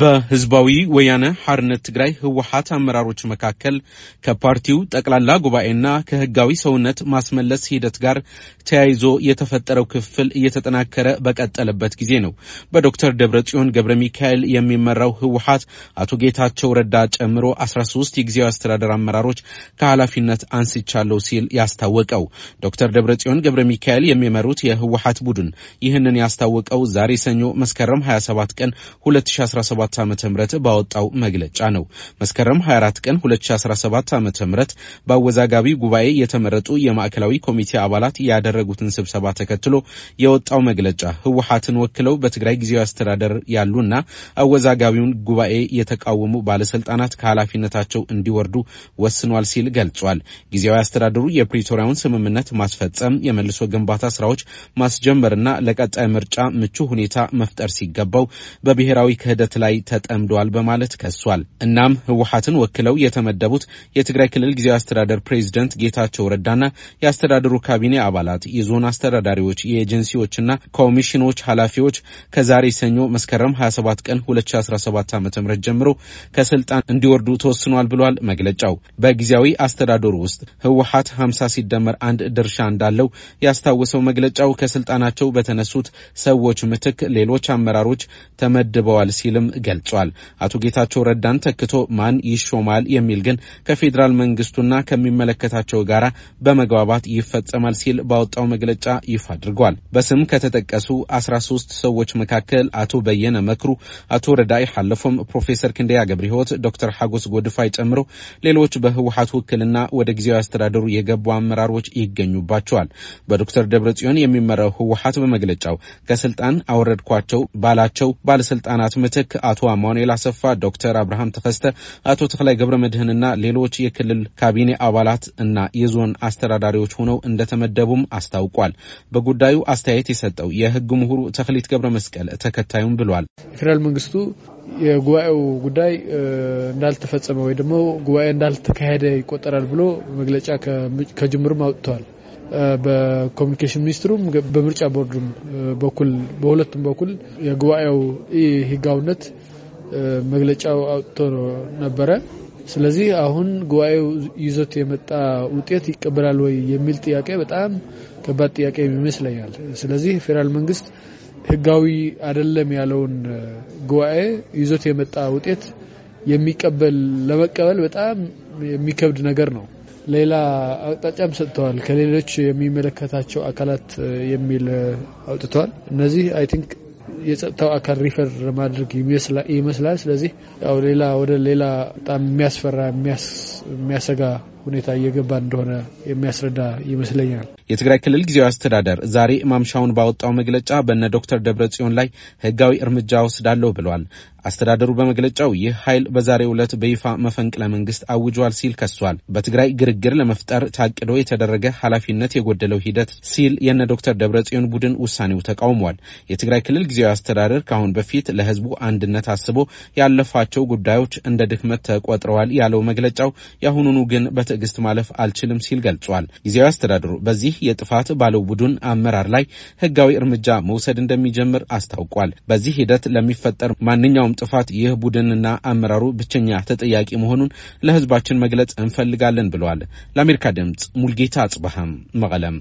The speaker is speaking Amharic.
በህዝባዊ ወያነ ሐርነት ትግራይ ህወሓት አመራሮች መካከል ከፓርቲው ጠቅላላ ጉባኤና ከህጋዊ ሰውነት ማስመለስ ሂደት ጋር ተያይዞ የተፈጠረው ክፍል እየተጠናከረ በቀጠለበት ጊዜ ነው በዶክተር ደብረጽዮን ገብረ ሚካኤል የሚመራው ህወሓት አቶ ጌታቸው ረዳ ጨምሮ 13 የጊዜያዊ አስተዳደር አመራሮች ከኃላፊነት አንስቻለሁ ሲል ያስታወቀው። ዶክተር ደብረጽዮን ገብረ ሚካኤል የሚመሩት የህወሓት ቡድን ይህንን ያስታወቀው ዛሬ ሰኞ መስከረም 27 ቀን 2017 2017 ዓ ም ባወጣው መግለጫ ነው። መስከረም 24 ቀን 2017 ዓ ም በአወዛጋቢ ጉባኤ የተመረጡ የማዕከላዊ ኮሚቴ አባላት ያደረጉትን ስብሰባ ተከትሎ የወጣው መግለጫ ህወሓትን ወክለው በትግራይ ጊዜያዊ አስተዳደር ያሉና አወዛጋቢውን ጉባኤ የተቃወሙ ባለስልጣናት ከኃላፊነታቸው እንዲወርዱ ወስኗል ሲል ገልጿል። ጊዜያዊ አስተዳደሩ የፕሪቶሪያውን ስምምነት ማስፈጸም፣ የመልሶ ግንባታ ስራዎች ማስጀመርና ለቀጣይ ምርጫ ምቹ ሁኔታ መፍጠር ሲገባው በብሔራዊ ክህደት ላይ ላይ ተጠምዷል በማለት ከሷል። እናም ህወሓትን ወክለው የተመደቡት የትግራይ ክልል ጊዜያዊ አስተዳደር ፕሬዚደንት ጌታቸው ረዳና የአስተዳደሩ ካቢኔ አባላት፣ የዞን አስተዳዳሪዎች፣ የኤጀንሲዎችና ኮሚሽኖች ኃላፊዎች ከዛሬ ሰኞ መስከረም 27 ቀን 2017 ዓ ም ጀምሮ ከስልጣን እንዲወርዱ ተወስኗል ብሏል መግለጫው። በጊዜያዊ አስተዳደሩ ውስጥ ህወሀት 50 ሲደመር አንድ ድርሻ እንዳለው ያስታወሰው መግለጫው ከስልጣናቸው በተነሱት ሰዎች ምትክ ሌሎች አመራሮች ተመድበዋል ሲልም ገልጿል። አቶ ጌታቸው ረዳን ተክቶ ማን ይሾማል የሚል ግን ከፌዴራል መንግስቱና ከሚመለከታቸው ጋራ በመግባባት ይፈጸማል ሲል ባወጣው መግለጫ ይፋ አድርጓል። በስም ከተጠቀሱ 13 ሰዎች መካከል አቶ በየነ መክሩ፣ አቶ ረዳይ ሐለፎም፣ ፕሮፌሰር ክንደያ ገብረ ህይወት ዶክተር ሐጎስ ጎድፋይ ጨምሮ ሌሎች በህወሓት ውክልና ወደ ጊዜያዊ አስተዳደሩ የገቡ አመራሮች ይገኙባቸዋል። በዶክተር ደብረጽዮን የሚመራው ህወሓት በመግለጫው ከስልጣን አወረድኳቸው ባላቸው ባለስልጣናት ምትክ አቶ አማኑኤል አሰፋ፣ ዶክተር አብርሃም ተከስተ፣ አቶ ተክላይ ገብረ መድህንና ሌሎች የክልል ካቢኔ አባላት እና የዞን አስተዳዳሪዎች ሆነው እንደተመደቡም አስታውቋል። በጉዳዩ አስተያየት የሰጠው የህግ ምሁሩ ተክሊት ገብረ መስቀል ተከታዩም ብሏል። የፌዴራል መንግስቱ የጉባኤው ጉዳይ እንዳልተፈጸመ ወይ ደግሞ ጉባኤ እንዳልተካሄደ ይቆጠራል ብሎ መግለጫ ከጅምርም አውጥተዋል። በኮሚኒኬሽን ሚኒስትሩም በምርጫ ቦርዱም በኩል በሁለቱም በኩል የጉባኤው ህጋውነት ህጋዊነት መግለጫው አውጥቶ ነበረ። ስለዚህ አሁን ጉባኤው ይዞት የመጣ ውጤት ይቀበላል ወይ የሚል ጥያቄ በጣም ከባድ ጥያቄ ይመስለኛል። ስለዚህ ፌዴራል መንግስት ህጋዊ አይደለም ያለውን ጉባኤ ይዞት የመጣ ውጤት የሚቀበል ለመቀበል በጣም የሚከብድ ነገር ነው። ሌላ አቅጣጫም ሰጥተዋል። ከሌሎች የሚመለከታቸው አካላት የሚል አውጥተዋል። እነዚህ አይ ቲንክ የጸጥታው አካል ሪፈር ማድረግ ይመስላል። ስለዚህ ያው ሌላ ወደ ሌላ በጣም የሚያስፈራ የሚያሰጋ ሁኔታ እየገባ እንደሆነ የሚያስረዳ ይመስለኛል። የትግራይ ክልል ጊዜያዊ አስተዳደር ዛሬ ማምሻውን ባወጣው መግለጫ በነ ዶክተር ደብረ ጽዮን ላይ ህጋዊ እርምጃ ወስዳለሁ ብሏል። አስተዳደሩ በመግለጫው ይህ ኃይል በዛሬው ዕለት በይፋ መፈንቅለ መንግስት አውጇል ሲል ከሷል። በትግራይ ግርግር ለመፍጠር ታቅዶ የተደረገ ኃላፊነት የጎደለው ሂደት ሲል የነ ዶክተር ደብረጽዮን ቡድን ውሳኔው ተቃውሟል። የትግራይ ክልል ጊዜያዊ አስተዳደር ካሁን በፊት ለህዝቡ አንድነት አስቦ ያለፋቸው ጉዳዮች እንደ ድክመት ተቆጥረዋል ያለው መግለጫው የአሁኑኑ ግን በተ በትዕግስት ማለፍ አልችልም ሲል ገልጿል። ጊዜያዊ አስተዳደሩ በዚህ የጥፋት ባለው ቡድን አመራር ላይ ህጋዊ እርምጃ መውሰድ እንደሚጀምር አስታውቋል። በዚህ ሂደት ለሚፈጠር ማንኛውም ጥፋት ይህ ቡድንና አመራሩ ብቸኛ ተጠያቂ መሆኑን ለህዝባችን መግለጽ እንፈልጋለን ብለዋል። ለአሜሪካ ድምጽ ሙልጌታ አጽበሃም መቀለም